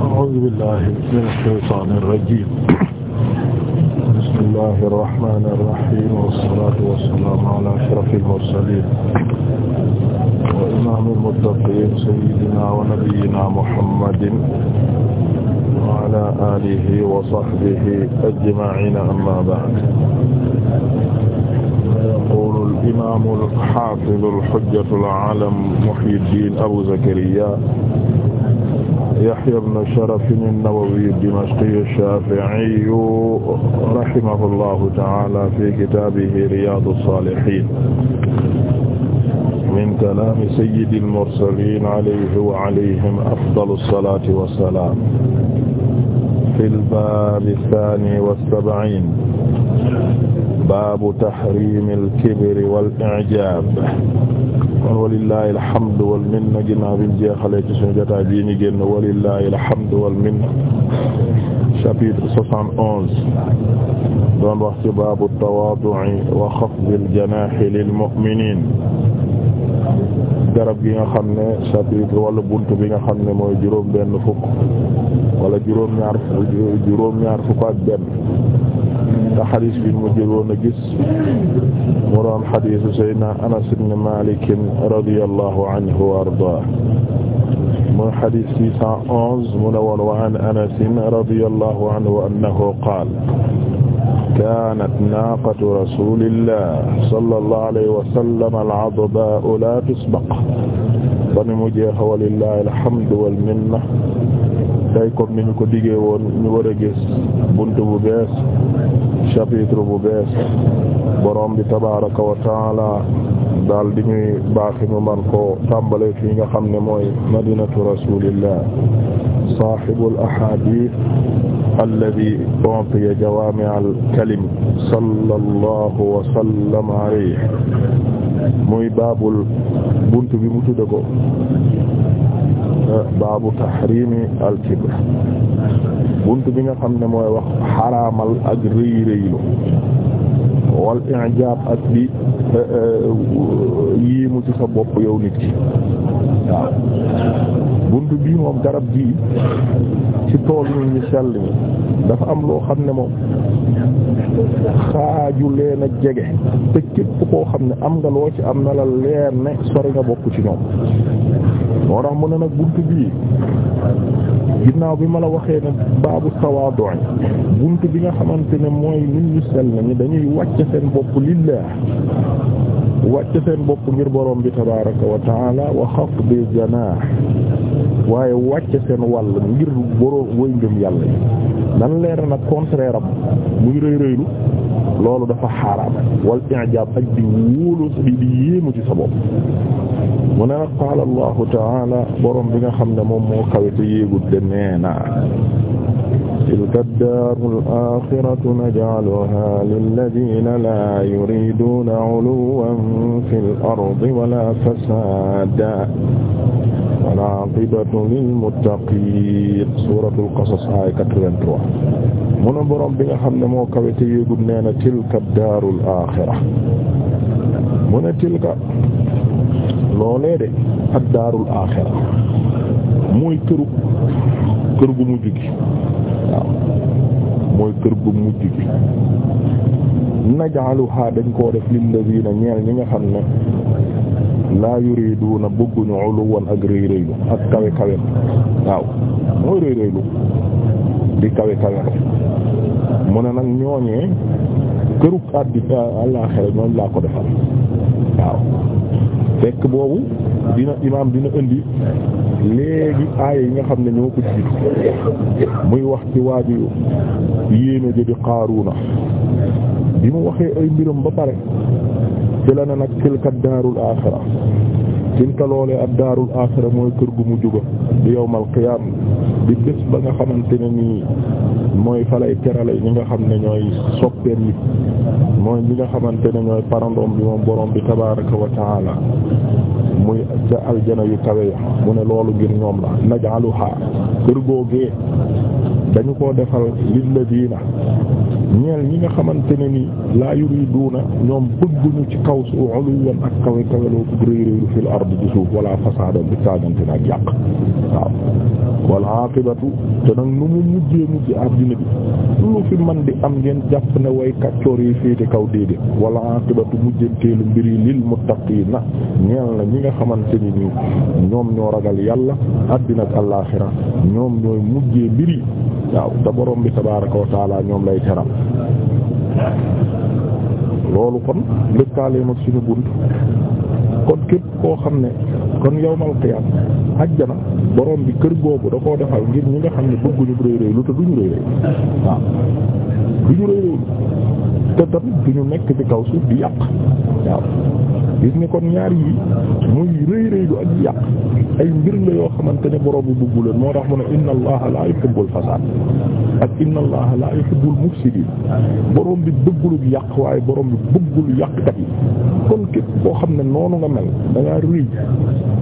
أعوذ بالله من الشيطان الرجيم بسم الله الرحمن الرحيم والصلاة والسلام على أشرف المرسلين وإمام المتقين سيدنا ونبينا محمد وعلى آله وصحبه أجمعين أما بعد يقول الإمام الحافظ الحجة العالم محي الدين أبو زكريا يحيى بن شرف النووي الدمشقي الشافعي رحمه الله تعالى في كتابه رياض الصالحين من كلام سيد المرسلين عليه وعليهم أفضل الصلاة والسلام في الباب الثاني والسبعين باب تحريم الكبر والإعجاب kon walillahi alhamdu minna ginnaaw bi ñu jeexalee ci suñu jotaay bii ñu génn walillahi alhamdu wal minna chapitre soixante onze doon wax ci baabu tawaadu'i wa xafdil janaahi lil mu'miniin garab gi nga xam ne chapitre wala bunt bi nga xam ne mooy juróom benn fukk wala juróom ñaar juróom fukk ak benn te xadiis mu jëloon a gis mu doon xadiisu Seydina Anas ibn Maalik radiyallahu anhu wa ardaah muy xadiis 611 mu ne woon wa an Anas radiyallahu anhu annahu qaala kaanat naaqatu rasuulillaahi sallallahu alayhi wa sallam al-'adbaa'u laa tusbaq ba ni mu jeex walillaahi alhamdu wal minna tey comme ni ñu ko diggee woon ñu war a gis bunt bu bees chapitre bu bees borom bi tabaraka wa taala daal di ñuy baaxi ñu man ko tàmbale fii nga xam ne mooy madinatu rasulillah sahibul ahadith alladi u'tiya jawaami'al kalim wa sallam alayhi muy baabul bunt bi mu ko baabu tahrimi al bunt bi nga xam ne mooy wax xaraamal ak rëy rëylu wal i'jaab ak bi eh, eh, yiimu ci sa bopp yow nit ki waaw buntu bii moom garab gii ci tool ñu ñu sell ñi dafa am loo xam ne moom xaaju leen a jege te képp koo xam ne am nga loo ci am na la leer ne sori nga bokk ci ñoom moo tax mu ne nag buntu bii ginnaaw bi ma la waxee ne baabu tawaadu bunt bi nga xamante ne mooy nit ñu sell nañu dañuy wàcc seen bopp lillah wàcc seen bopp ngir borom bi tabaaraka wa taala wa xafdi janaax waaye wàcc seen wàll ngir borom woy ngëm yàlla yi nan leer nag contraire am muy rëy rëylu loolu dafa xaaraam wal i'jaab ak di wóolu di yéemu ci sa bopp mu ne nag qaala allahu taala borom bi nga xam ne moom moo kawite yéegul de nee na tilka daaru al-aaxiratu naj'aluhaa lilladiina laa yuriiduuna 'uluwwan fil ardi walaa fasaadan wal 'aaqibatu lil muttaqiin suuratul qasas aaya 83 mu ne borom bi nga xam ne moo kawite yéegul nee na tilka daaru al-aaxira mu ne tilka loolee de ak daarul aaxira mooy këru kër gu mujj gi waaw mooy kër gu mujj gi naj'aluha dañ koo def lilladiina ñeel ñi nga xam ne laa yuriduuna bëgguñu uluwan ak rëy rëylu ak kawe kawe waaw mooy rëy rëylu di kawe kawe mu ne nag ñooñee këru àddi àllaaxira ñooñ laa ko defal waaw fekk boobu dina imaam dina indi léegi aaya yi nga xam ne ñoo ko jiitu muy wax ci waaju yéeme ji di Qaaruuna bi mu waxee ay mbiram ba pare ci na nag tilka daarul aaxira tilka loolee ak daarul aaxira mooy kër gu mujj ba di yawmal qiyaam di ba nga xamante ne nii mooy falay kerale ñi nga xam ne ñooy soppeem yi mooy ñi nga xamante ne ñooy parandoom bi moom borom bi tabaaraka wa taala muy ca aljana yu kawe ya mu ne loolu ngir ñoom la najaaluha kër googee dañu ko defal lilladiina ñeel ñi nga xamante ne ni laa yuriduuna ñoom bëgguñu ci kaw su uluwan ak kawe kaweloo bu rëy rëy fil ardi ci suuf wala fasaadan bi saagante nag yàq waaw wal aaqibatu te nag nu mu mujjee mujj àddina bi lu fi man di am ngeen jàpp ne way kaccoor yi féete kaw déedéet wal aaqibatu mujjanteelu mbiri lil muttaqiina ñeel na ñi nga xamante ni nii ñoom ñoo ragal yàlla àddina ak àllaaxira ñoom ñooy mujjee mbiri waaw te borom bi tabaaraka wa taala ñoom lay teral loolu kon lëkkaaleem ak suñu bunt kon képp koo xam ne kon yawmal ak ajjana boroom bi kër googu da koo defal ngir ñi nga xam ne bëgguñu réy réy lu te duñu réy réy waaw duñu réy réy te tamit du ñu nekk ci kaw suuf di yàq waaw gis kon ñaar yi muy rëy rëylu ak yàq ay mbir la yoo xamante ne borom bu bëggu moo tax mu ne inna allaha la yuhibbul fasad ak inna allaha la yuhibbul mufsidin borom bi bëggulul yàq waaye borom bi bëggul yàqkat yi kon képp boo xam ne noonu nga mel da ngaa rëy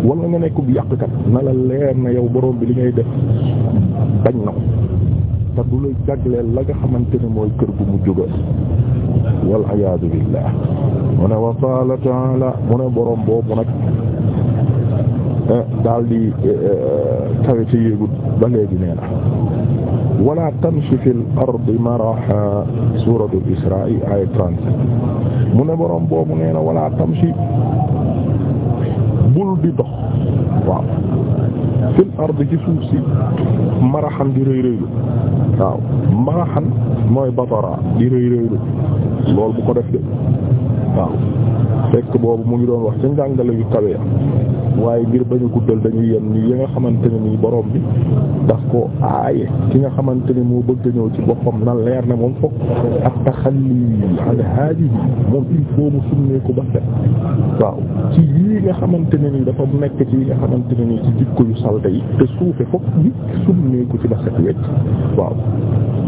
wala nga nekkub yàqkat na la leer na yow boroom bi li ngay def bañ na ko te du la jagleel la nga xamante ne mooy kër gu mu jóga wal ayaadu billah mu ne wa qaala taala mu ne borom boobu nag eh, daal di eh, eh, tawe ci yéegut ba léegi nee na wala tamshi fil ardi maraha suratul isra'i ay trente mu ne borom boobu nee na wala tamshi bul di dox waaw fil ard ci suuf si maraxan di rëy rëylu waaw maraxan mooy batara di rëy rëylu loolu bu ko def de waaw fekk boobu mu ngi doon wax ca njàngale yu kawe waaye ngir bañ a guddal dañuy yem ni yi nga xamante ne nii boroom bi daf ko aaye ki nga xamante ne moo bëgg ñëw ci boppam na leer ne moom fokk ak taxalli an moom il faut mu ko ba set waaw ci yii nga xamante ne ni dafa nekk ci yi nga xamante ne ni ci jikko yu salte yi te suufe fokk bi summeeku ci ba set wecc waaw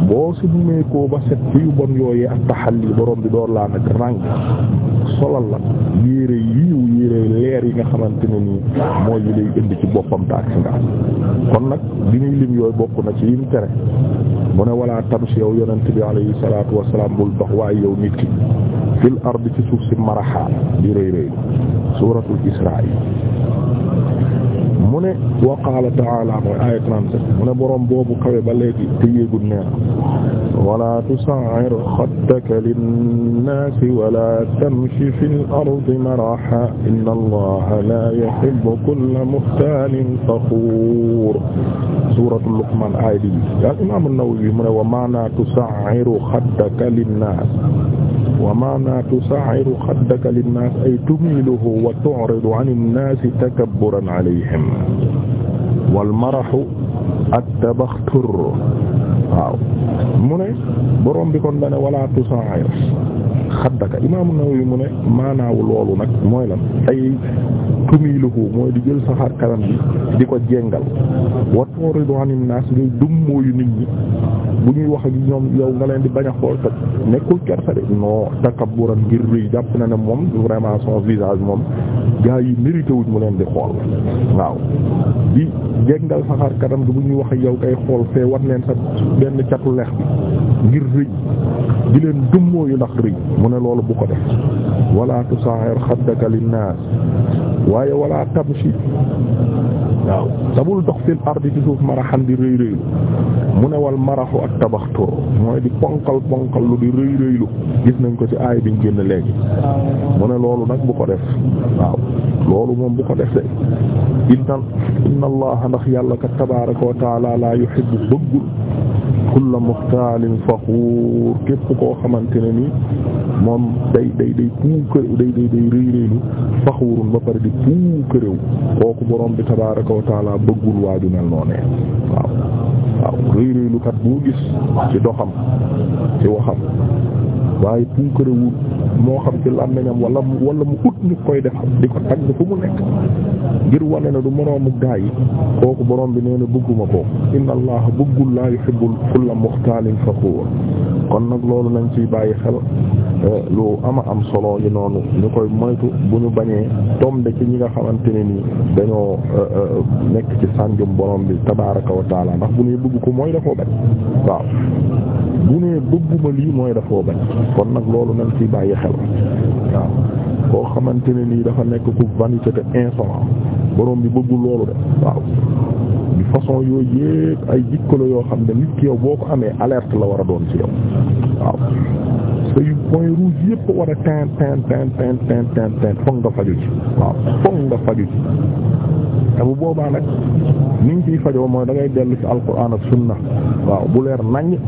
boo summeekoo ba set ci yu bon yooyee ak taxal yi borom bi door laa nag ràng solal la yére yiw yére leer yi nga xamante ne nii mooy yi lay indi ci boppam taak si nga kon nag bi ñuy lim yooyu bokk na ci yim tere mu ne walla tamsi yow yonent bi alayhi salaatu wassalaam bul dox waaye yow nit ki fil ard ci suuf si maraha di rëy rëy suuratul Israa mu ne wa qaala ta'aala mooy aaya 37 mu ne boroom boobu kawe ba léegi te yéegul nee na walaa tusa'ir xaddaka linnaasi walaa tamshi fil ardi maraha inna allaha laa yuhibbu kulla muxtaalin faxuur suuratu Luqmaan aaya bi al imaam an-Nawawi mu ne wa maanaa tusa'ir xaddaka linnaas wa maana tusa'xiru xaddaka linnaas ay tumiiluhu wa tu'ridu an innaasi takabburan alayhim wal maraxu at-tabaxtur waaw mu ne borom bi kon dane wala tusa'xir xaddaka imaamu Nawawi mu ne maanaawu loolu nag mooy lan ay tumiiluhu mooy di jël sa xar kanam bi di ko jéngal wa tu'ridu an innaas ngay dummóoyu nit ñi bu ñuy wax a ñoom yow nga leen di bañ xool te nekkul kersa de non takabburan ngir rëy jàpp na ne moom vraiment son visage moom gaa yi mérité wuñ mu leen di xool waaw di jéggal saxaar kanam gi bu ñuy wax ak yow kay xool fee war leen sa benn catu lex bi ngir rëy di leen dummoo yu ndax rëy mu ne loolu bu ko def wala tusaahir xaddaka linnaas waaye wala tamshi waaw te bul dox fil ardi ci suuf maraxan di rëy rëylu mu ne wal maraxu ak tabaxtur mooy di ponkal ponkal lu di rëy gis nañ ko ci aay biñ génn léegi mu ne loolu nag bu ko def waaw loolu moom bu ko def de inna inna allah ndax yàlla kat tabaaraka wa taala la yuhibbu bëggul kulla muxtaalin faxuur képp koo xamante ne ni moom day day day day day day rëy ba pare di puukarew kooku borom bi tabaaraka wa taala bëggul waaju mel noonee waaw waaw boo gis ci doxam ci waxam waaye tunkarewul moo xam ci làmmiñam wala wala mu ut ñu koy defal di ko tagg fu mu nekk ngir wane ne du moroomu gaa yi kooku borom bi nee na bëgguma ko inna allah bëggul laa yuhibbu kulla muxtaalin faxuur kon nag loolu nañ ciy bàyyi xel eh, lu ama am solo yi noonu ñu koy moytu bu ñu bañee tom tombe ci ñi nga xamante ne nii dañoo eh, eh, nekk ci sànjum borom bi tabaaraka wa taala ndax bu nee bëgg ko mooy dafoo waaw bu nee bëgguma lii mooy dafoo bañ kon nag loolu nañ ci bàyyi xel waaw koo xamante ne nii dafa nekk ku vanité te insolent borom bi bëggul loolu de waaw di façon yooyu yëpp ay jikko la yoo xam ne nit ki yow boo ko amee alert la war a doon ci yow waaw say point rouge foog nga faju ci waaw foog nga faju ci te boobaa nag ni ñu ciy fajoo mooy dangay dell dellu ci alquran ak sunna waaw bu leer nàññ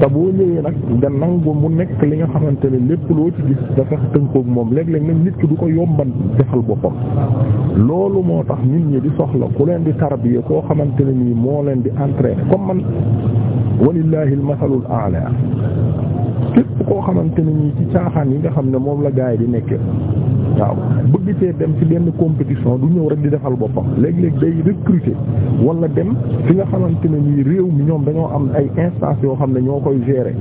te boo ñëwee nag nga nangu mu nekk li nga xamante ne lépp loo ci gis dafa tënkoog moom léeg-léeg nag nit ki du ko yomban defal boppam loolu moo tax nit ñi di soxla ku leen di tarbiya koo xamante ne nii moo leen di entraîner comme man walillahi almasalul a'la képp koo xamante ne nii ci caaxaan yi nga xam ne moom la gaay di nekkee waaw bëgg see dem ci benn compétition du ñëw rek di defal boppam léeg-léeg day recruter wala dem fi nga xamante ne nii réew mi ñoom dañoo am ay instances yoo xam ne ñoo koy gérer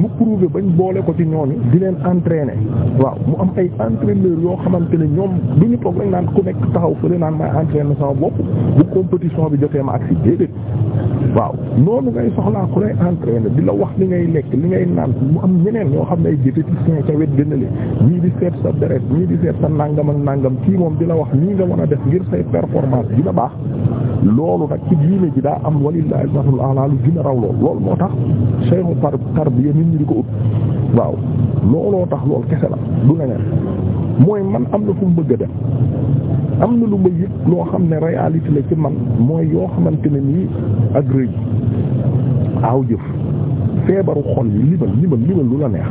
mu prouver bañ boole ko ci ñooñu di leen entraîner waaw mu am ay entraîneurs yoo xamante ne ñoom du ñu toog rek naan ku nekk taxaw fële naan may entraîner sama bopp bu compétition bi jotee ma ak si déedéet waaw noonu ngay soxlaa ku lay entraîner di la wax li ngay lekk li ngay naan mu am ñeneen ñoo xam ne ay diététicien def sa nangam ak nangam kii moom di la wax nii nga mën a def ngir say performance dina baax loolu nag ci diine ji daa am walillahi al-masalul a'la lu gën raw lool loolu moo tax seexu par tarbiya nit ñi di ko ut waaw looloo tax loolu kese la du leneen mooy man am na fu bëgg a dem am na lu ma yëg loo xam ne réalité la ci man mooy yoo xamante ne nii ak rëy aw jëf feebaru xol yi limal limal limal lu la neex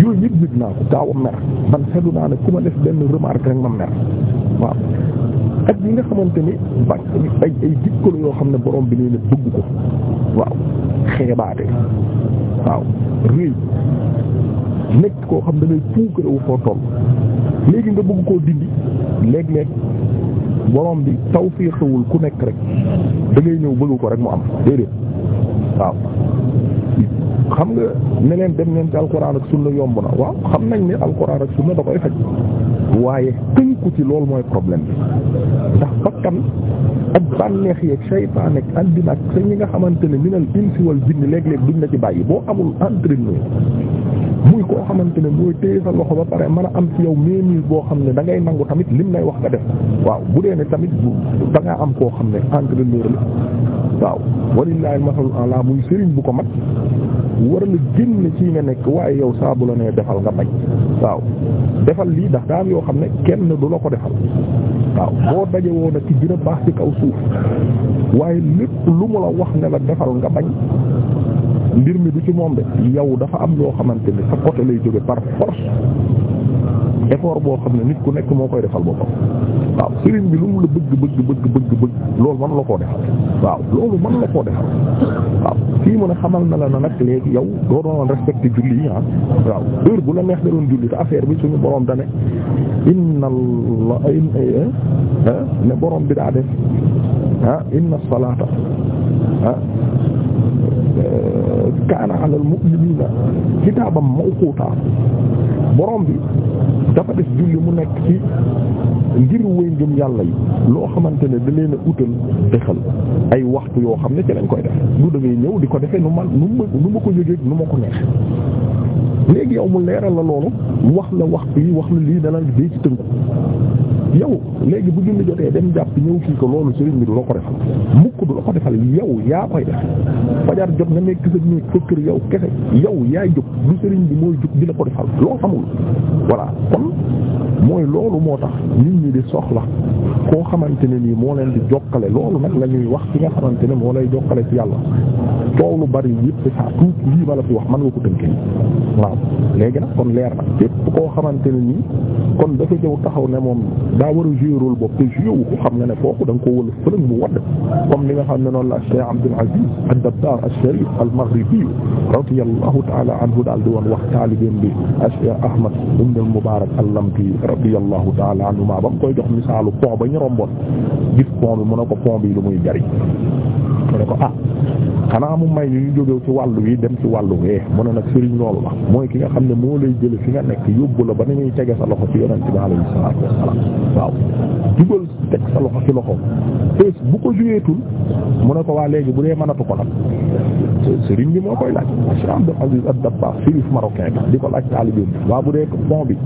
yooyu yëpp naa ko gaaw a mer man seetlu naa ne ku ma def benn remarque rek ma mer waaw ak yi nga xamante ni ba ay ay jikko yoo xam ne borom bi nee na bëgg ko waaw xeebaate waaw réy nekk koo xam ne dangay puukarewu foo toll léegi nga bëgg koo dindi léeg-léeg boroom bi taw fii xewul ku nekk rek dangay ñëw bëgg ko rek mu am déedéet waaw xam nga ne leen dem leen ci alquran ak sunna yomb na waaw xam nañ ne alquran ak sunna da koy faj waaye tënku ci loolu mooy problème bi ndax bakkan ak bànneex yeeg saytaan ak àddina ak sa ñi nga xamante ne minal insi wal jinni léeg-léeg duñ la ci bàyyi boo amul entraîneur muy koo xamante ne mooy téye sa loxo ba pare mën a am ci yow méeméer boo xam ne da ngay nangu tamit lim lay wax nga def waaw bu dee ne tamit da ngaa am koo xam ne entraîneur la waaw walillahi al-masal ala muy sëriñ bu ko mat war la génn ci nga nekk waaye yow saa bu la nee defal nga bañ waaw defal lii ndax daam yoo xam ne kenn du la ko defal waaw boo daje woon ak ci gën baax ci kaw suuf waaye lépp lu mu la wax ne la defal nga bañ mbir mi du ci moom de yow dafa am loo xamante bi sa côté lay jóge par force effort boo xam ne nit ku nekk moo koy defal boppam waaw sëriñ bi lu mu la bëgg bëgg bëgg bëgg bëgg loolu mën la koo defal waaw loolu mën la koo defal waaw fii mu ne xamal na la na nag léegi yow doo doon respecté julli yi ah. waaw heure bu la neex da doon julli te affaire bi suñu borom dane inna la eh, eh, ne borom bi daa def ah inna salata ah kaana alal mu'miniina kitaaban mawquuta borom bi dafa def julli mu nekk ci ngir wéy yàlla yi loo xamante ne da na a utal dexal ay waxtu yoo xam ne ci lañ koy def du da ngay ñëw di ko defee nu man nu ma nu ma ko yëgee nu ma ko neex léegi yow mu leeral la loolu wax la waxtu yi wax la lii dana dee ci tënku yow léegi bu julli jotee dem jàpp ñëw kii ko loolu sëriñ bi du la ko defal mukk du la ko defal yow yaa koy def fajar jot nga nekk sa néeg sa kër yow kese yow yaay jóg du sëriñ bi mooy jóg di la ko defal loo xamul voilà mooy loolu moo tax nit ñi di soxla koo xamante ne nii moo leen di jokkale loolu nag la ñuy wax ci nga xamante ne moo lay jokkale ci yàlla coow lu bari yëpp saa tuut lii ma la fi wax man nga ko tënkee waaw léegi nag kon leer na képp koo xamante ne nii kon dafa ñëw taxaw ne moom daa war a jouer rôle boobu te jouer ko xam nga ne kooku da nga koo fëlëng mu wadd comme li nga xam ne noonu la Cheikh Abdul Aziz ad-Dabbar al-Sharif al-Maghribi radiyallahu ta'ala anhu daal di woon wax taalibeem bi Cheikh Ahmad ibn al-Mubarak al-Lamti radiyallahu ta'ala maa ba mu koy jox misaalu pont ba ñu romboon gis pont bi mu ne ko pont bi lu muy jariñ mu ne ko ah xanaa mu may ñu ñu jógew ci wàllu wi dem ci wàllu wee mu ne nag sëriñ loolu la mooy ki nga xam ne moo lay jële fi nga nekk yóbbu la ba ni muy tege sa loxo ci yonent bi alayhi salaatu waaw dugal teg sa loxo ci loxo fees bu ko juyeetul mu ne ko waa léegi bu dee mënatu ko nag seriñ bi moo koy laaj Cheikh Abdou Aziz ad-Dabbagh philif marocain bi di ko laaj taalibeem bi waa bu dee pont bi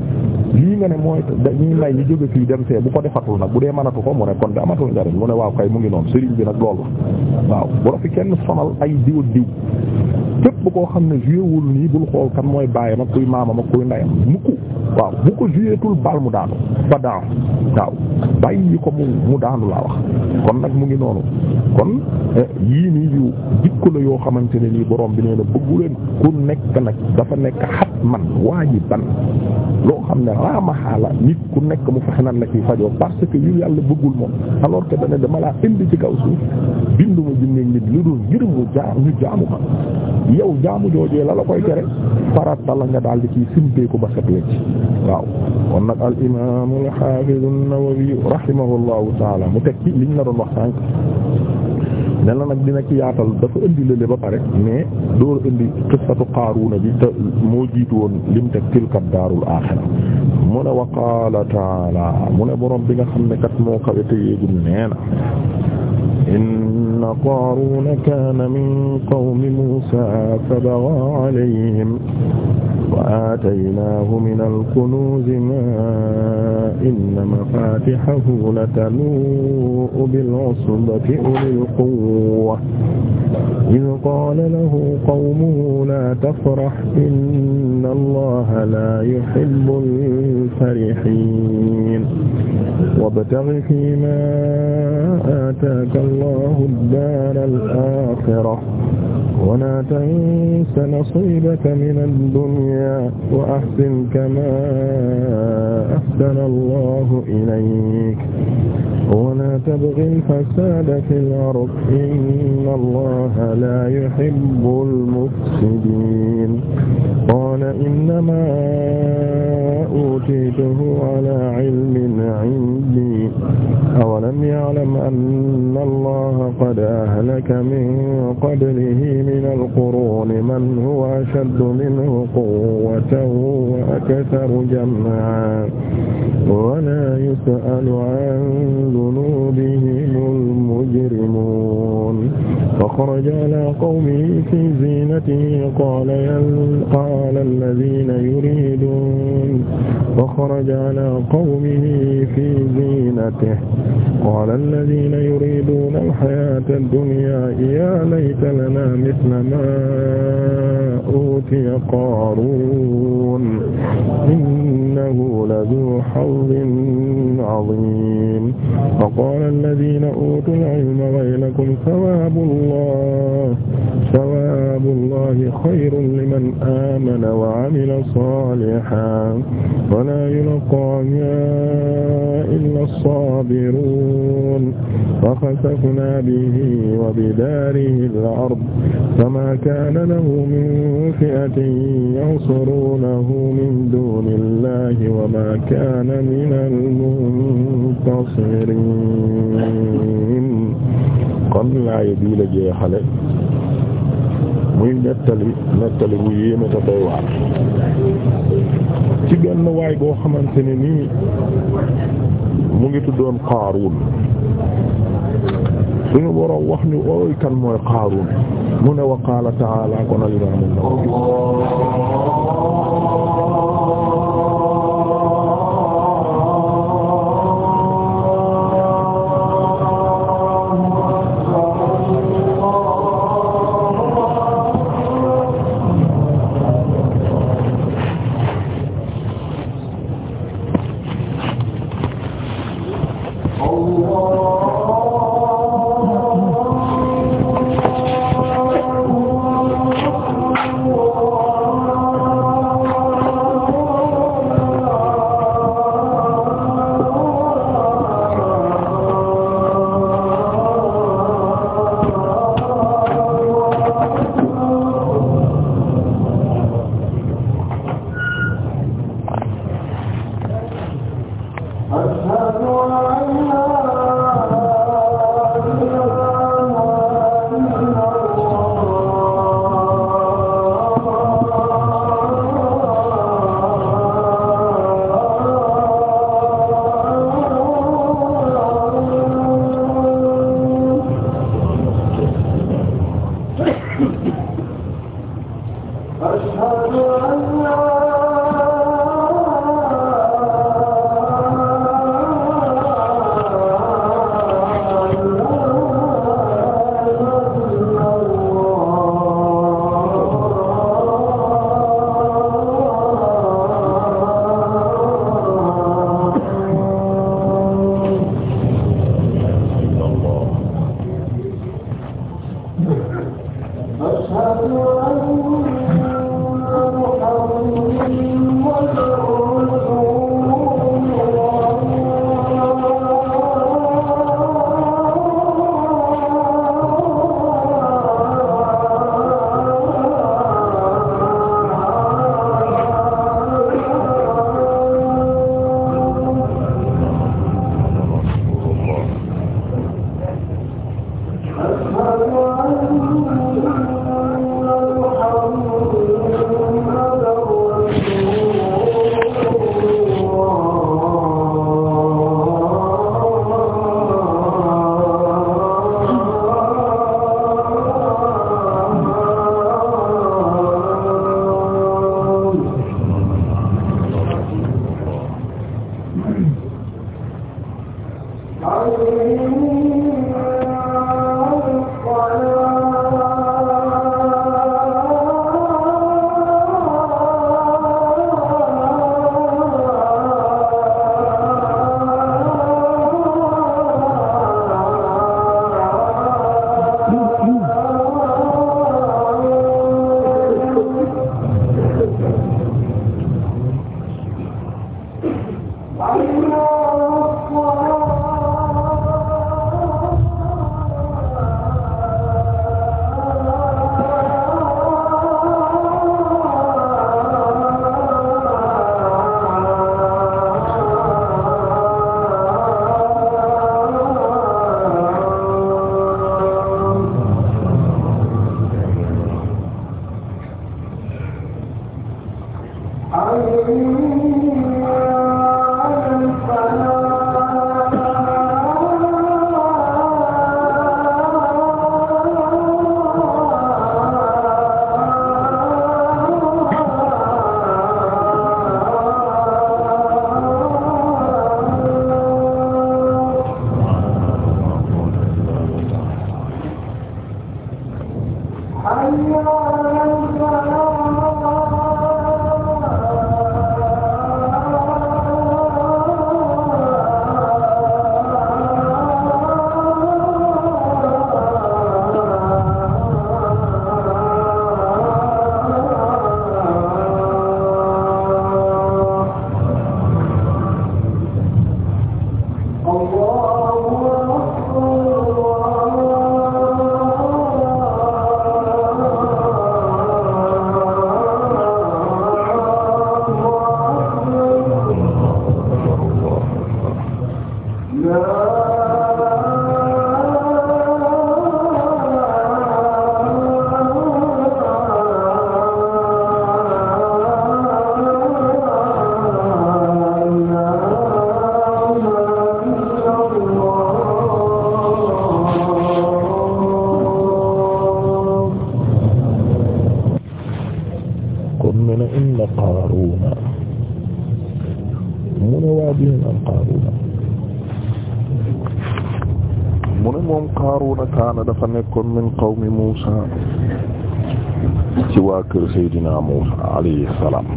lii nga ne mooy dañuy may ñu jóge fii dem fee bu ko defatul nag bu dee man mënatu ko mu ne kon de amatul njariñ mu ne waaw kay mu ngi noon sëriñ bi nag loolu la waaw bu la fi kenn sonal ay diw diw képp koo xam ne joué nii bul xool kan mooy baayam ma kuy maamam ak kuy ndeyam mukk waaw bu ko joué tul bal mu daanu ba daan waaw bàyyi ko mu daanu laa wax kon nag mu ngi noonu kon eh, yii nii yu jikko la yoo xamante ne nii boroom bi nee na bëggu ku nekk nag dafa nekk xat man ban loo xam ne raamaxaala nit ku nekk mu fexe nan la ciy fajoo parce que yu yàlla bëggul moom alors que dana dama laa indi ci kaw suuf binduma jinne nit lu dul yow jaamu joojee la koy tere farata la nga daal di ciy simpeeku ba set wecc waaw kon nag al imam al hafiz an mu teg ci liñ la doon wax sànq ne la nag dina ci yaatal dafa indi lële ba pare mais door indi qissatu Qaaruuna bi moo jiitu woon lim teg tilka daarul aaxira mu ne wa qaala taala mu ne borom bi nga xam ne kat moo kawe te yéegum nee anna qaaruuna kaana min qawmi muusaa fabaghaa alayhim wa aataynaahu minal kunuuzi maa inna mafaatihahu latanuu'u bil 'usbati ulil quwwa إذ قال له قومه لا تفرح إن الله لا يحب الفرحين وابتغ فيما آتاك الله الدار الآخرة ولا تنس نصيبك من الدنيا وأحسن كما أحسن الله إليك ولا تبغ الفساد في الأرض إن الله لا يحب المفسدين قال إنما أوتيته على علم عندي أولم يعلم أن الله قد qad ahlaka min qablihi mina al-quruuni man huwa ashaddu minhu quwwatan wa aktharu jam'an wala yusalu an dunubihimul mujrimun faxaraja ala qawmihi fi zinatihi qaala qaala alladina yuridun faxaraja ala qawmihi fi zinatihi qaala alladina yuridun alxayata addunya ya layta lana misla ma utiya qaaruun innahu lazu hawl ضر عظيم وقال الذين أوتوا العلم ويلكم ثواب الله ثواب الله خير لمن آمن وعمل صالحا ولا يلقاها إلا الصابرون فخسفنا به وبداره الأرض فما كان له من فئة ينصرونه من دون الله وما كان من المنتصرين kon laaya la jeexale muy nettali nettali bu yéeme te doy waar ci genn waay boo xamante ne nii mu ngi tuddoon Qaaruun suñu boroom wax ni ooy kan mooy Qaaruun mu ne wa qaala ta'aala kon al-imaam an-Nawawi Hallelujah. kaana dafa nekkoon min qawmi Muusa ci waa kër Seydina Muusa alayhi salaam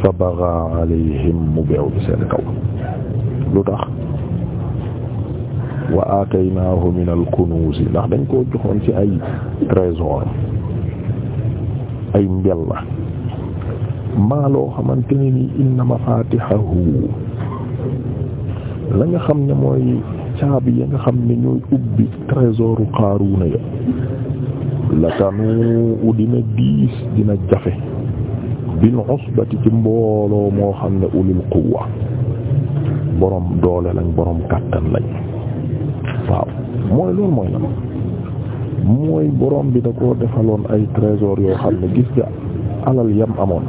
fa bagaa alayhim mu beew bi seen kaw lu tax wa aataynaahu min al ndax dañ koo joxoon ci ay trésor ay mbel la maa loo mafaatihahu la nga xam ne mooy caabi ya nga xam ne ñooy ubbi trésoru Qaaruuna ya la tanu'u dina diis dina jafe bil usbati ci mbooloo moo xam ne ulul quwwa borom doole lañ borom kàttan lañ waaw mooy loolu mooy la mooy borom bi da koo defaloon ay trésor yoo xam ne gis nga alal yam amoon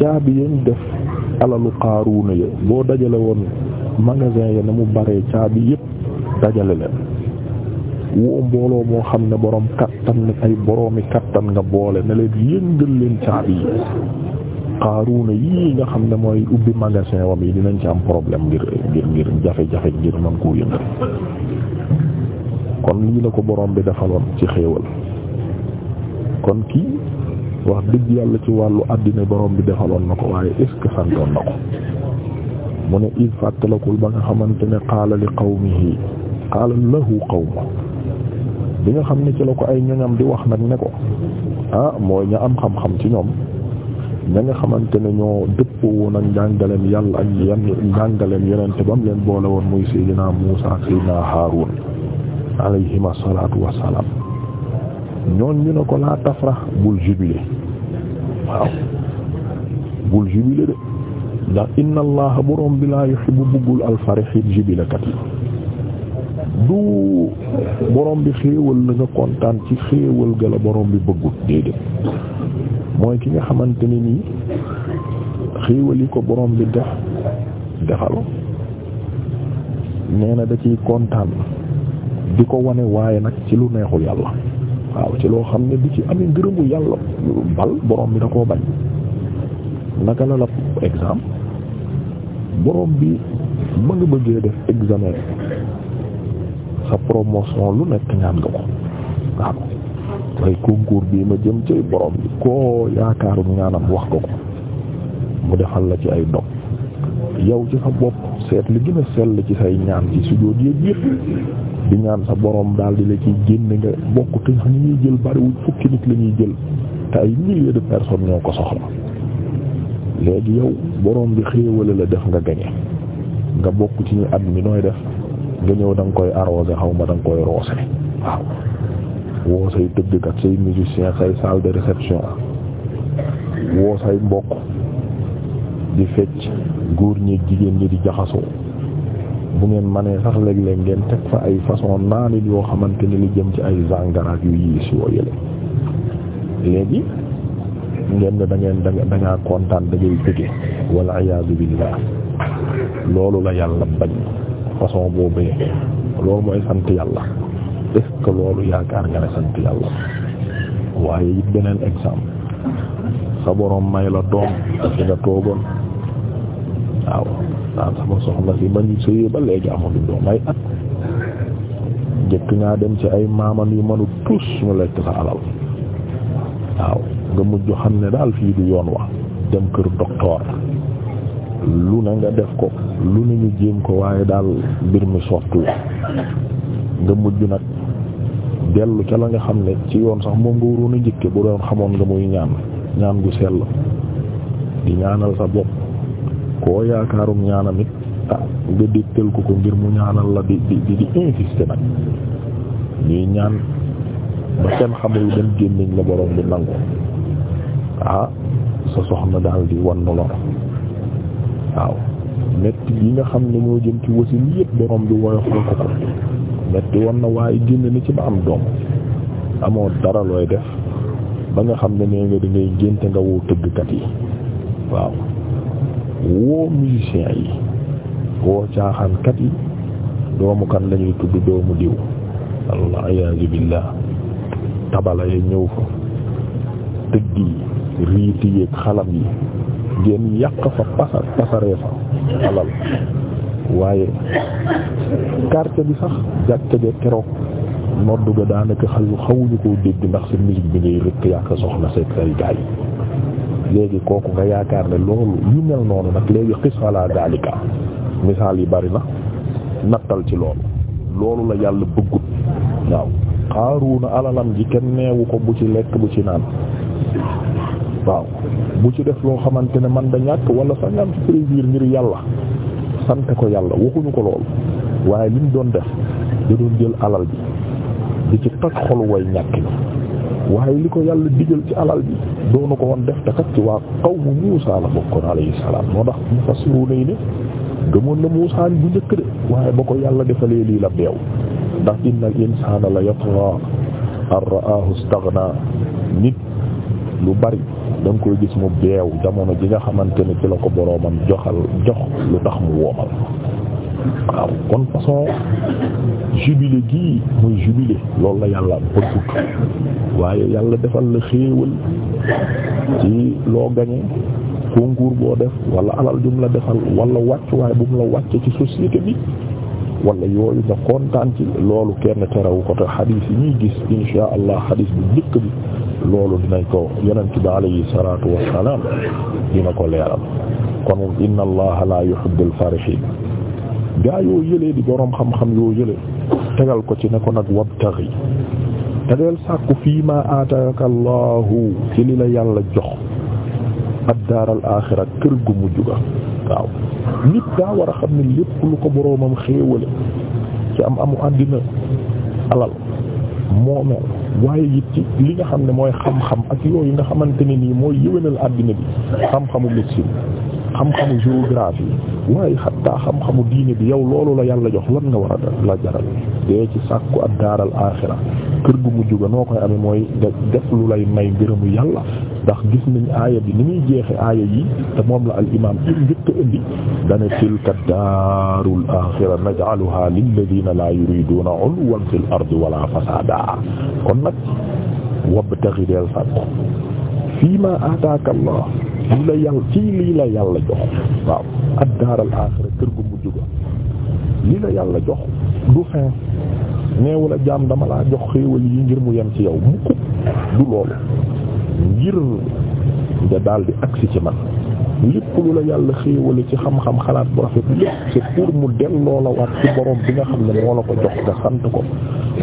caabi yañ def alalu Qaaruuna ya boo dajalewoon magasin yi na mu bare caabi yépp dajale leen woo mbooloo moo xam ne boroom kattan ay boroomi kattan nga boole ne leen yëngal leen caabi yi xaaruuna yii nga xam ne mooy ubbi magasin wam yi dinañ ci am problème ngir ngir ngir jafe-jafe ngir mën koo yëngal kon lii la ko boroom bi defaloon ci xéewal kon kii wax digg yàlla ci wàllu àddina borom bi defaloon na ko waaye est na ko mu ne is fàttalakul ba nga xamante ne qaala li qawmihi qaala lahu qawma bi nga xam ne ci la ko ay ñoñam di wax nag ne ko ah mooy ñu am xam-xam ci ñoom ña nga xamante ne ñoo dëppoo woon ak njàngaleem yàlla ak yan njàngaleem yeneen te ba mu leen boole woon muy Seydina Muusaa ak Seydina Haaruun alayhima salaatu wassalaam ñooñ ñu ne ko laa tafrax bul jubilé waaw bul jubilé de ndax inna allaha borom bi laa yuhibbu buggul alfarihit jibilakat yi du borom bi xéewal la nga kontaan ci xéewal ga la borom bi bëggul déedéet mooy ki nga xamante ne nii xéewal ko borom bi def defal nee na da ciy kontaan di ko wane waaye nag ci lu neexul yàlla waaw ci loo xam ne di ci amee ngërëmu yàlla bal borom bi da koo bañ naka la la exemple borom bi ma nga bëggee def examen sa promotion lu nekk ñaan nga ko waaw waaye concours bii ma jëm ci borom bi koo yaakaaru ñaanam wax ko ko mu defal la ci ay dog yow ci sa bopp seet li gën a la ci say ñaan ci sujjóot yépp yépp di ñaan sa borom daal di la ciy génn nga bokk te ñu ñuy jël bariwul fukki nit la ñuy jël te ay milliers de personnes ñoo ko soxla léegi yow borom bi xéewale la def nga gañe nga bokk ci ñu at mi def nga ñëw da koy arrosé xawma danga koy roose waaw woo say tëggkat say musicien say salle de réception woo say mbokk di fecc góor ñi jigéen ñi di jaxasoo bu ngeen manee sax léeg leen ngeen teg fa ay façon naanit yoo xamante ni li jëm ci ay zangaraat yu yiis yoo yële léegi ngeen ne da ngeen da ngaa kontaan da ngay bëgge walla iyaadu billaah loolu la yàlla bañ façon boobee loolu mooy sant yàlla est loolu yaakaar nga ne sant yàlla waaye it beneen exemple sa borom may la doom ci toogoon waaw daan sama soxna si bañ sëyee ba ay at jëkk ngaa dem ci ay maaman yu mënu tus mu lekk sa alal waaw nga mujj xam ne daal fii du yoon wa dem kër docteur lu na nga def ko lu na ñu jéem ko waaye daal mbir mi sottu nga mujj nag dellu ca la nga xam ne ci yoon sax moom nga waroon a njëkke bu doon xamoon nga muy ñaan ñaan gu sell di ñaanal sa bopp koo yaakaarum ñaanam it ah nga dégtal ko ko ngir mu ñaanal la di di di insister nag ñuy ñaan ba kenn xamul dem gémmiñ la borom bi nangu ah sa soxna daal di wan nu lor waaw metti yi nga xam ne moo jëm ci wasin yépp borom bi woyofal ko ko metti wan na waaye génn ni ci ba am doom amoo dara looy def ba nga xam ne nee nga dangay génte nga woo tëggkat yi waaw woo musiciens yi woo caaxaankat yi doomu kan lañuy tudd doomu diw allah ayaazu billah tabala ya ñëw fa tëgg yi riiti yeeg xalam yi ngeen yàq fa pasar pasaree fa alal waaye quartier bi sax jàkka ja keroog noddu ga daanaka xayu xawuñu koo dégg ndax sa musique bi ngay rëkk yàq soxna seet say gaay léegi kooku nga yaakaar ne loolu yu mel noonu nag léegi xis ala daalika misaal yi bari na nattal ci loolu loolu la yàlla bëggut waaw xaaruuna alalam ji kenn neewu ko bu ci lekk bu ci naan waaw bu ci def loo xamante ne man da ñàkk wala sax nga am ngir yàlla sante ko yàlla waxuñu ko lool waaye li doon def da doon jël alal bi di ci toj xol way ñàkk ni waaye li ko yàlla digal ci alal bi doonu ko woon def te kat ci waa qawmu Muusaa la bokkoon alayhi salaam moo tax mufassiruuna yi ne gëmoon na Muusaa bu njëkk de waaye ba ko yàlla defalee lii la beew ndax innal insaana la yatghaa an ra'aahu istaghnaa nit lu bari da nga koy gis mu beew jamono ji nga xamante ne ci la ko boroomam joxal jox lu tax mu woomal waaw kon façon jubilé gii muy jubilé loolu la yàlla bëggut waaye yàlla defal la xéewal ci loo gañe nguur boo def wala alal jum la defal wala wàcc waaye bu mu la wàcc ci société bi wala yooyu nga kontaan ci loolu kenn terewu ko te xadiis yi ñuy gis insha allah xadiis bu njëkk bi loolu dinañ ko yonent bi alayhi salatu wassalam dina ko leeral kon inna allaha la yuhibbul farihin gaa yoo yëlee di boroom xam-xam yoo yëlee tegal ko ci ne ko nag wabtaghi te deel sàkku fii ma aataaka allahu ci li la yàlla jox ad-daaral aaxira kër gu mujj ga waaw nit daa war a xam ne lépp lu ko boroomam xéewale ci am amu àddina alal moomeel waaye it ci li nga xam ne mooy xam-xam ak yooyu nga xamante ne nii mooy yëwénal àddina bi xam-xamu médecine xam-xamu géographie waaye xatta xam-xamu diine bi yow loolu la yàlla jox lan nga war a la jaral dee ci sàkku ak daaral aaxira kër gu mujj ba noo koy amee mooy nga def lu lay may ngërëmu yàlla ndax gis nañ aaya bi ni muy jeexe aaya yi te moom la al imaam njëkk a indi dana tilka daarul aaxira naj'aluhaa lilladiina laa yuriiduuna 'uluwwan fil ardi walaa fasaadaa kon nag wabtaghi deel sàkku fiimaa aataaka Allah li la yàlla ci lii la yàlla jox waaw ad-daarul aaxira kër gu mujj ga li la yàlla jox du fin neewu la jaam dama laa jox xéewal yi ngir mu yem ci yow mukk du loolu ngir nga daldi agsi ci man lépp lu la yàlla xéewale ci xam-xam xalaat bu rafet lépp c'est pour mu delloo la waat ci borom bi nga xam ne moo la ko jox nga sant ko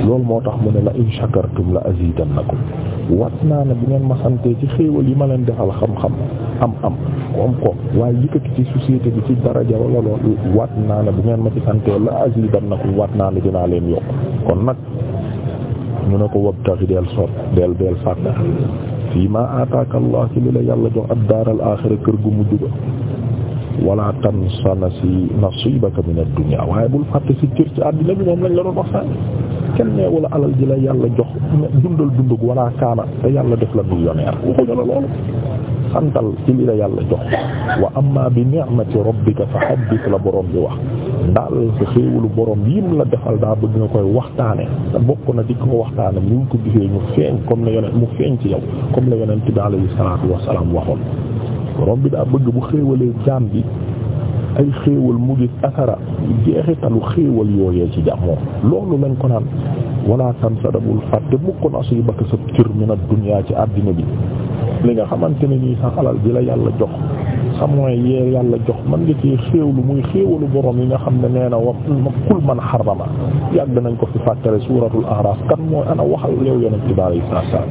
loolu moo tax mu ne la in shakartum la azidannakum wat naa ne bu ngeen ma santee ci xéewal yi ma leen defal xam-xam am am koom koom waaye yëkkati ci société ci daraja wala loolu wat naa ne bu ngeen ma ci santee la azidannakum wat naa ne dinaa leen yokk kon nag ñu ne ko wabtaghi del sot del del sàkk fii ma ataaka allah ci li la yàlla jox ad-daar al-aaxira kër gu mujj ba wala tansa nasi nasiibaka min ad-dunya waaye bul fàtte ci cër ci àddina bi moom lañ la doon wax sànni kenn neewu la alal ji la yàlla jox dundal dundug wala kaana te yàlla def la millionnaire waxuñu la loolu santal ci li la yàlla jox wa amma bi ni'mati rabbika fa haddith la borom bi wax daal sa xéewalu borom yi mu la defal daa bëgg nga koy waxtaane bokk na di ko waxtaane mu ko gisee ñu feeñ comme la yonent mu feeñ ci yow comme la yonent bi alayhi salaatu wassalaam waxoon borom bi daa bëgg bu xéewalee jaam bi ay xéewal mu gis asara jeexitalu xéewal yooyee ci jàmmoo loolu lañ ko naan walaa wala tan sa dabul fàtte mukk nasibaka sa cër min ad-dunya ci àddina bi li nga xamante ne nii sa xalal ji la yàlla jox sa moyen yee yàlla jox man nga ci xéewlu muy xéewalu borom yi nga xam ne nee na wax kul man xarama yàgg nañ ko fi fàttale suuratul A'raaf kan mooy ana waxal yow yonent bi yi salaatu salaam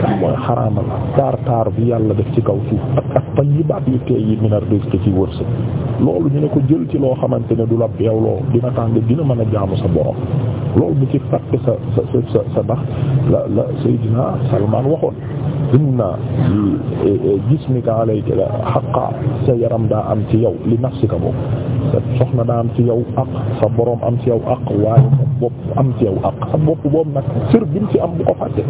kan mooy xaraamal taar taar bi yàlla def ci kaw suuf ak ak pañ yi baat yu teey yi minar des ci wërsëg loolu ñu ne ko jël ci loo xamante ne du la beewloo dina tàng dina mën a jaamu sa borom loolu bu ci fàtte sa sa la la Seydina Salmaan waxoon jismika alayka xaqa sa yaram daa am ci yow li nafsika boobu soxna daa am ci yow ak sa boroom am ci yow ak waaye sa bopp am ci yow ak sa bopp boobu nag sër bi ci am bu ko fàtte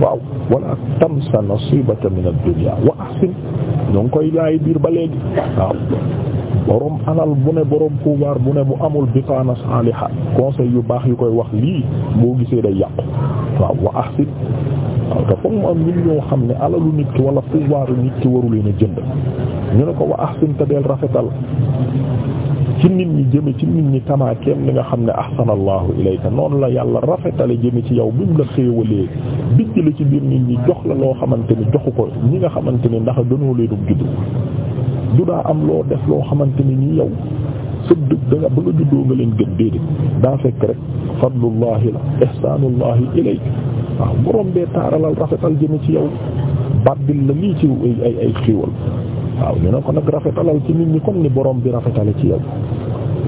waaw wala tansa nasibaka min ad-dunya wa ahsin ñu ngi koy laay biir ba léegi waaw borom alal bu ne borom pouvoir bu ne bu amul bitaana saaliha conseil yu baax yu koy wax lii boo gisee day yàqu waaw wa ahsin waaw te mu am nit ñoo xam ne alalu nit ki wala pouvoiru nit ki waru leen jënd ñu ne ko wa ahsin te deel rafetal ci nit ñi jëme ci nit ñi kamaa keem li nga xam ne ahsanallahu ilayka noonu la yàlla rafetale jëme ci yow bi mu la xéewalee bijj la ci biir nit ñi jox la loo xamante ni joxu ko ñi nga xamante ni ndax gënoo leen juddu du daa am loo def loo xamante ni nii yow sa dëgg da nga ba nga juddoo nga leen gën déedéet daa fekk rek fadlullahi la ihsanullahi waaw borom bee taaralal rafetal jëme ci yow bàbbil la lii ci ay ay ay xiiwal waaw ñu ne ko nag rafetalal ci nit ñi comme ni borom bi rafetale ci yow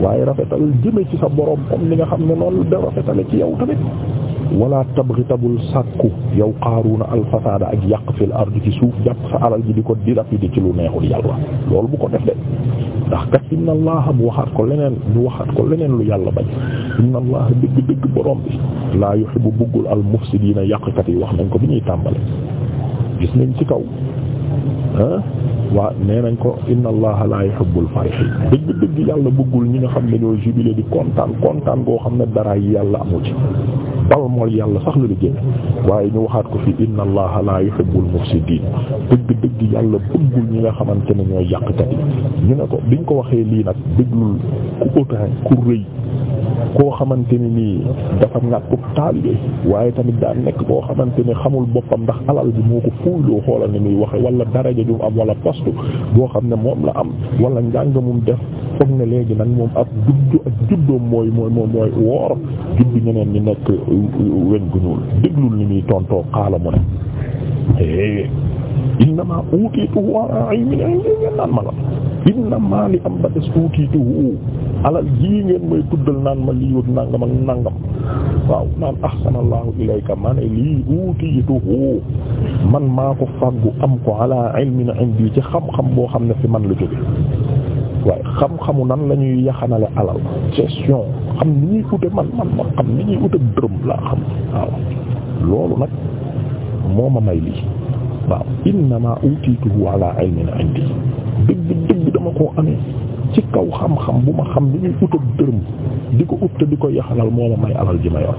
waaye rafetal jëme ci sa borom comme ni nga xam ne noonu da rafetale ci yow tamit wala tabghi tabul sàkku yow qaaruna alfasaada ak yàq fil ardi ci suuf jàpp sa alal ji di ko dilapidé ci lu neexul yàlla loolu bu ko def de ndax kat inna allaha mu waxaat ko leneen ñu waxaat ko leneen lu yàlla bañ inna allaha dëgg dëgg borom bi laa yuhibbu buggul al mufsidiina yàqkat yi wax nañ ko bi ñuy tàmbale gis nañ ci kaw ah waa nee nañ ko inna allaha la yuhibbul farihin dëgg dëgg yàlla bëggul ñi nga xam ne ñoo jubilé di kontaan kontaan boo xam ne dara yàlla amu ci wala mooy yàlla sax la la waaye ñu waxaat ko fi inna allaha la yuhibbul mufsidiin dëgg dëgg yàlla bëggul ñi nga xamante ne ñooy yàqkat ñu ne ko biñ ko waxee lii nag déglul ku utaay ku rëy koo xamante ni nii dafa ñàkkub taalibe waaye tamit daa nekk koo xamante ni xamul boppam ndax alal bi moo ko fuuloo xoolal ni muy waxe wala daraja ju am wala poste boo xam ne moom la am wala njàng mum def foog na léegi nag moom ak juddu ak juddoom mooy mooy mooy woor juddu ñeneen ñi nekk weñ gu ñuul déglul ni muy tontoo xaala mu ne eh, innama utiituhu ala ilmin indi ngeen naan ma la inna maa li am ba des uutiituhu alal jii ngeen may tuddal naan ma lii wut nangam ak waaw naan ahsanallahu ilayka maa ne lii uutiituhu man maa ko faggu am ko ala ilmin indi ci xam-xam boo xam ne fi man la jóge waaye xam-xamu nan la ñuy yaxanale alal gestion xam ni ñuy ute man man ma xam ni ñuy ute dërëm laa xam waaw loolu nag moo ma may lii waaw innamaa uutiituhu ala ilmin indi koo amee ci kaw xam-xam bu ma xam li ñuy ut dërëm di ko ut te di ko yaxanal moo ma alal ji ma yor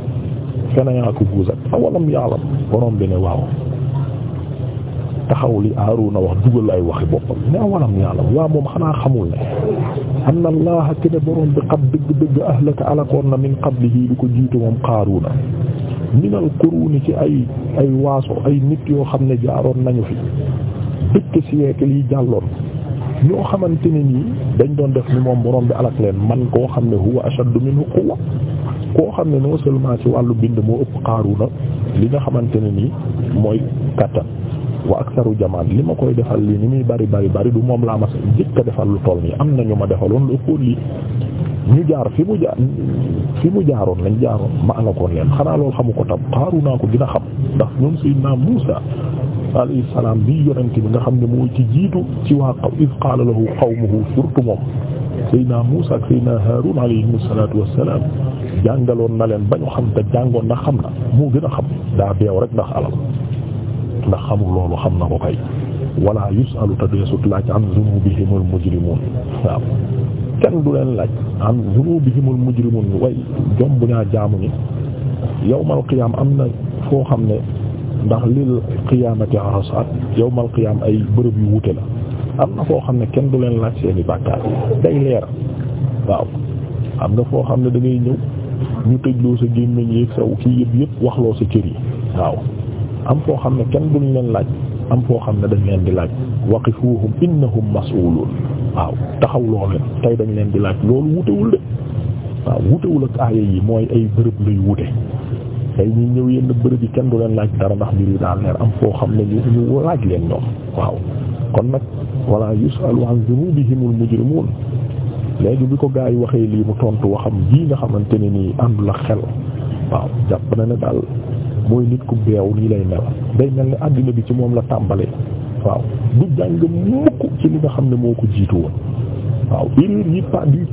feneen ko guusat awalam yaalam borom bi ne waaw taxaw li Haaruna wax dugal ay waxi boppam ne awalam moom xanaa xamul ne anna Allaha te ne borom bi qad dëgg-dëgg ahlaka alakoon na min qablihi lu ko jiitu moom Qaaruuna minal quruuni ci ay ay waaso ay nit yoo xam ne jaaroon nañu fi dëkk siècle yi jàlloon ñoo xamante ne nii dañ doon def ni moom borom bi alak leen man koo xam ne huwa ashaddu minhu quwwa koo xam ne non seulement ci wàllu bind moo ëpp Qaaruna li nga xamante ne nii mooy kattan wa aksaru jamaan li ma koy defal lii ni muy bari bari bari du moom laa ma jëkk a defal lu toll nii am na ñu ma defaloon lu ëppoon lii ñu jaar fi mu jaar fi mu jaaroon lañ jaaroon ma alakoon leen xanaa loolu xamu ko tam Qaaruna ko dina xam ndax ñoom Sayyidina Muusaa alayhi salaam bi yonent bi nga xam ne mooy ci jiitu ci waa qaw iz qaala lahu qawmuhu surtout moom Seydina Muusaa ak Seydina Haaruun alayhimu salaatu wassalaam jàngaloon na leen ba ñu xam te jàngoon na xam na moo gën a xam daa beew rek ndax alal ndax xamul loolu xam na ko kay wala yusalu te deesut laaj an zunubihimul mujrimuun waaw kenn du leen laaj an zunubihimul mujrimuun way jom bu ñaa jaamu ni yawmal qiyaam am na foo xam ne ndax lil qiyaamati arsaat yawmal qiyaam ay bërëb yu wuute la am na foo xam ne kenn du leen laaj seeni bàkkaar day leer waaw am nga foo xam ne da ngay ñëw ñu tëjloo sa gémmiñ yeeg sa kii yëpp yëpp waxloo sa cër yi waaw am foo xam ne kenn duñ leen laaj am foo xam ne dañ leen di laaj waqifuhum innahum mas'ulun waaw taxawloo leen tey dañ leen di laaj loolu wutewul de waaw wutewul ak aaya yi mooy ay bërëb lay wute tey ñu ñëw yenn bërëb yi kenn du leen laaj dara ndax mbir yi daal leer am foo xam ne ñu ñu laaj leen ñoom waaw kon nag wala yusalu an zunubihimul mujrimun léegi bi ko gaa yi waxee lii mu tontu waxam jii nga xamante ne nii àndul ak xel waaw jàpp na ne daal mooy nit ku beew nii lay mel day mel ne àddina bi ci moom la tàmbalee waaw du jàng mukk ci li nga xam ne moo ko jiitu woon waaw erreur yi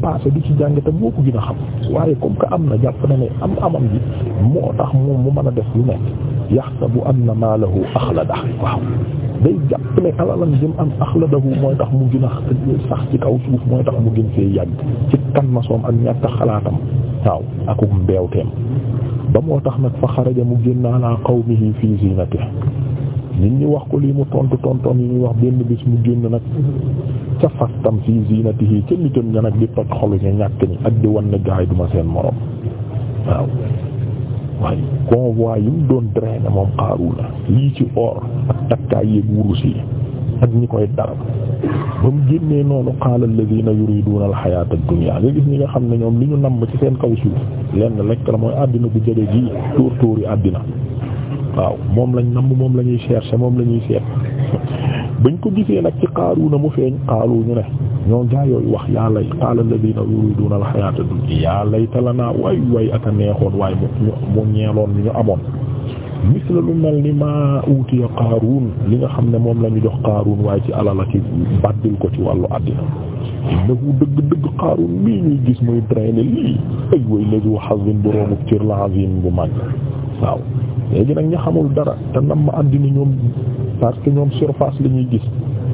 pa du ci jàng te boo ko gin a xam waaye comme que am na jàpp na ne am amam bi moo tax moom mu mën a def lu nekk yaxsabu anna maalahu axlada waaw day jàpp ne alalam jëm am axladahu mooy tax mu gën a sax ci kaw suuf mooy tax mu gën fee yàgg ci kan masoom ak ñàkk xalaatam waaw akum mbeewteem ba moo tax nag fa xaraja mu génn ala qawmihi fi zinatihi nit ñi wax ko lii mu tontu tontoon yi ñuy wax benn bis mu génn nag ca fastam fii zinatihi ca nitam ña nag di toj xolu ñu ñàkk ñi ak di wan ne gaay duma seen morom waaw waaye convoi yi mu doon drainer moom Qaaruuna lii ci or ak takkaay yéeg wurus yi ak ñi koy darab ba mu génnee noonu qaala alladhiina yuriiduuna al-hayaata ad-dunyaa nga gis ñi nga xam ne ñoom li ñu namm ci seen kaw suuf lenn lekk la mooy àddina bu jege gii tóor tóori àddina waaw moom lañ nam moom la ñuy chercher moom lañuy ñuy seet bañ ko gisee nag ci qaaruuna mu feeñ qaalu ñu ne ñoo gaa wax yaa lay qaala alladina yuriduna alxayata dunya yaa layta a neexoon waaye mu mu ñeeloon ñu amoon misla lu mel ni maa utiya qaaruun li nga xam ne moom la ñu jox qaaruun waaye ci alal ak bàddil ko ci wàllu àddina innahu dëgg dëgg qaaruun mii ñuy gis muy drainer lii ay way lazu hazin boroomu cër la azim bu mag waaw léegi nag ñu xamul dara te nam ma àddina ñoom parce que ñoom surface la ñuy gis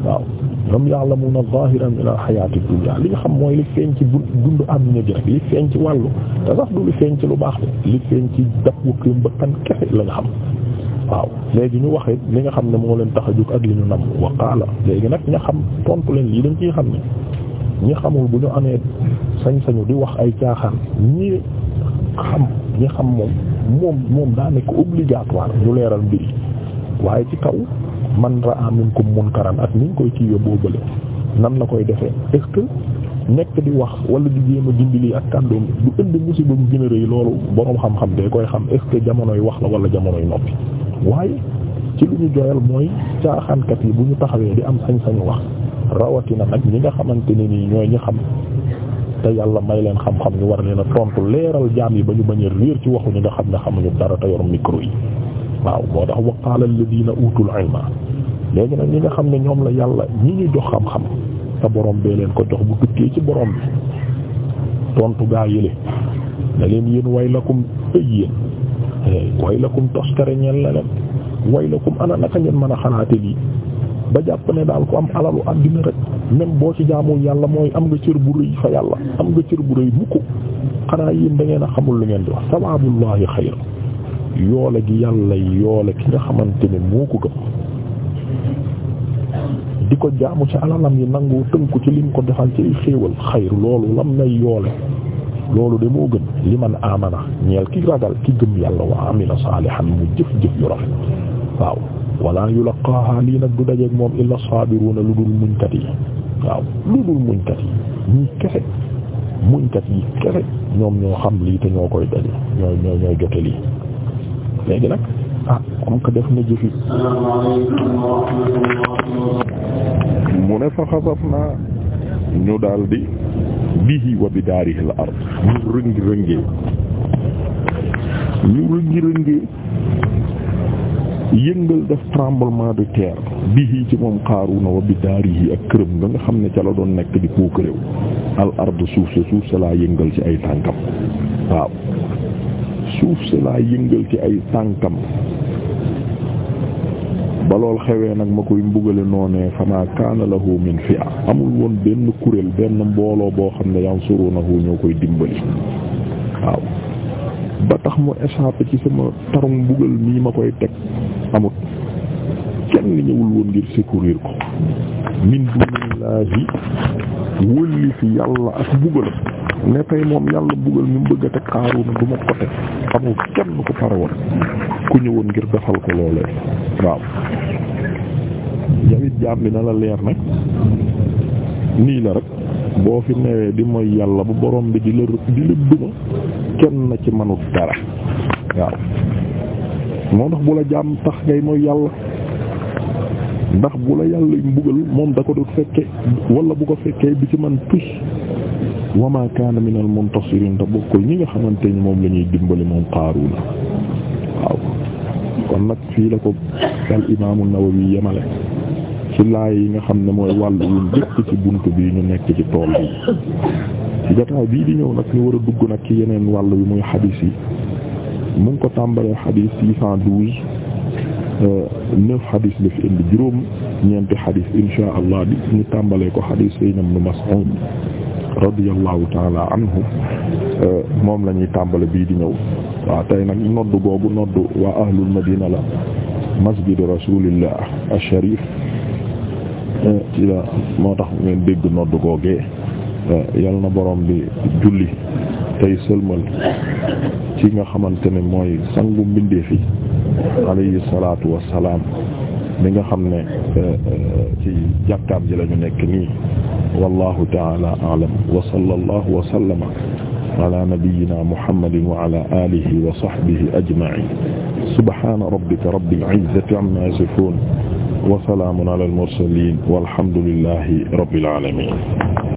waaw ñoom ya'lamuna zahiran min al-hayati dunya li ñu xam mooy li feeñ ci dund àddina ji rek li feeñ ci wàllu te sax du li feeñ ci lu baax de li feeñ ci dappu këm ba kan kese la nga xam waaw léegi ñu wax li nga xam ne moo leen tax a jóg ak li ñu nam wa qaala léegi nag ña xam tontu leen lii dañ ciy xam ne ñi xamul bu ñu amee sañ-sañu di wax ay caaxaan ñi xam ñi xam moom moom moom daa nekk obligatoire ñu leeral mbir yi waaye ci kaw man ra'a minkum munkaran ak niñ koy kiiwee boo bële nan la koy defee est-ce nekk di wax wala di jéem a dindili ak kàddoom du indi musiba bu gën rëy loolu boroom xam-xam day koy xam est-ce que jamonoy wax la wala jamonoy noppi waaye ci lu ñu doyal mooy caaxaankat yi bu ñu taxawee di am sañ-sañu wax rawatina nag ñi nga xamante ne nii ñooy ñi xam. te yàlla may leen xam-xam ñu war leen a tontu leeral jaam yi ba ñu bañ a réer ci waxu ñi nga xam ne xamuñu dara te yor micro yi waaw moo tax wa qaala alladina utul ilma léegi nag ñi nga xam ne ñoom la yàlla ñi ñu jox xam-xam te borom bee leen ko jox bu tukkee ci borom bi tontu gaa yële ne leen yéen way lakum ëj yéen eh, way lakum toskare ñeen la leen way lakum ana a ngeen mën a xalaate lii ba jàpp ne daal ku am alalu àddina rek même boo ci jaamul yàlla mooy am nga cër bu rëy fa yàlla am nga cër bu rëy mukk xanaa yéen da a xamul lu ngeen di wax sawaabullahi xayr yoole gi yàlla yoole ki nga xamante ne moo ko gëm di ko jaamu ci alalam yi nangu tënku ci lim ko defal ci xéewal xayr loolu lam nay yoole loolu de moo gën li man amana ñeel ki ragal ki gëm yàlla wa amila saalihan mu jëf jëf yu rafet waaw wala yulaqaaha lii nag du dajeeg moom illa sabiruuna lu dul muñkat yi waaw lu dul muñkat yi ñii kese muñkat yi kese ñoom ñoo xam lii te ñoo koy daje ñooy ñoo jote lii léegi nag ah comme que def na jëfi mu ne fa xasafnaa ñu daldi bihi bi daarihi ard ñu rëngi rëngee ñu rëngi rëngee yëngal def tremblement de terre bihi ci moom Qaaruna wa bidaarihi ak këram nga nga xam ne ca la doon nekk di kooku réew al ard suuf sa suuf sa laa yëngal ci ay tànkam waaw suuf sa laa yëngal ci ay tànkam ba lool xewee nag ma koy mbugale noonee fama kaana lahu amul woon benn kuréel benn mbooloo boo xam ne yansurunahu ñoo koy dimbali waaw ba tax mu échappé ci sama tarum bugal mii ma koy teg amut kenn ñëwul woon ngir secourir ko min dunillahi wëlli fi yàlla ak bugal ne tey moom yàlla bugal mi mu bëgg a teg Qaaruuna du ma kenn ku pare woon ku ñëwoon ngir defal ko loolee waaw yawit jaam bi na la leer nag nii la rek boo fi newee di mooy yàlla bu borom bi di la di la duma kenn ci mënut dara waaw moo tax bu la jàmm tax ngay mooy yàlla ndax bu la yàlla mbugal moom da ko du fekke wala bu ko fekkee bi ci man tus wa ma kaana min al muntasirin te bokkul ñi nga xamante ni moom la ñuy dimbali moom Qaaruun waaw kon nag fii la ko al imaamu Nawawi yemale ci laay yi nga xam ne mooy wàllu yu njëkk ci bunt bi ñu nekk ci tool bi jotaay bii di ñëw nag ñu war a dugg nag ci yeneen wàll wi muy xadiis yi mu ko tàmbalee xadiis yi cent douze euh, neuf xadiis la fi indi juróom ñeenti xadiis inshaa allah bi ñu tàmbalee ko xadiis Seydina Ibn Mas'ud radiyallahu taala anhu euh, moom la ñuy tàmbale bii di ñëw waa tey nag nodd googu nodd waa ahlul madina la masjid rasulillah al sharif euh, ci la moo tax ngeen dégg nodd googee Eh, yal na borom bi julli tey sëlmal ci nga xamante ne mooy sangu mbindeef yi alayhi salaatu wassalaam li nga xam ne eh, eh, ci jàkkaam ji lañu nekk nii wallahu ta'ala a'lam wa sallallahu wa sallama ala nabiyyina muhammadin wa ala alihi wa sahbihi ajma'in subhana rabbika rabbil izzati amma yasifun wa salamun ala al mursalin walhamdulillahi rabbil alamin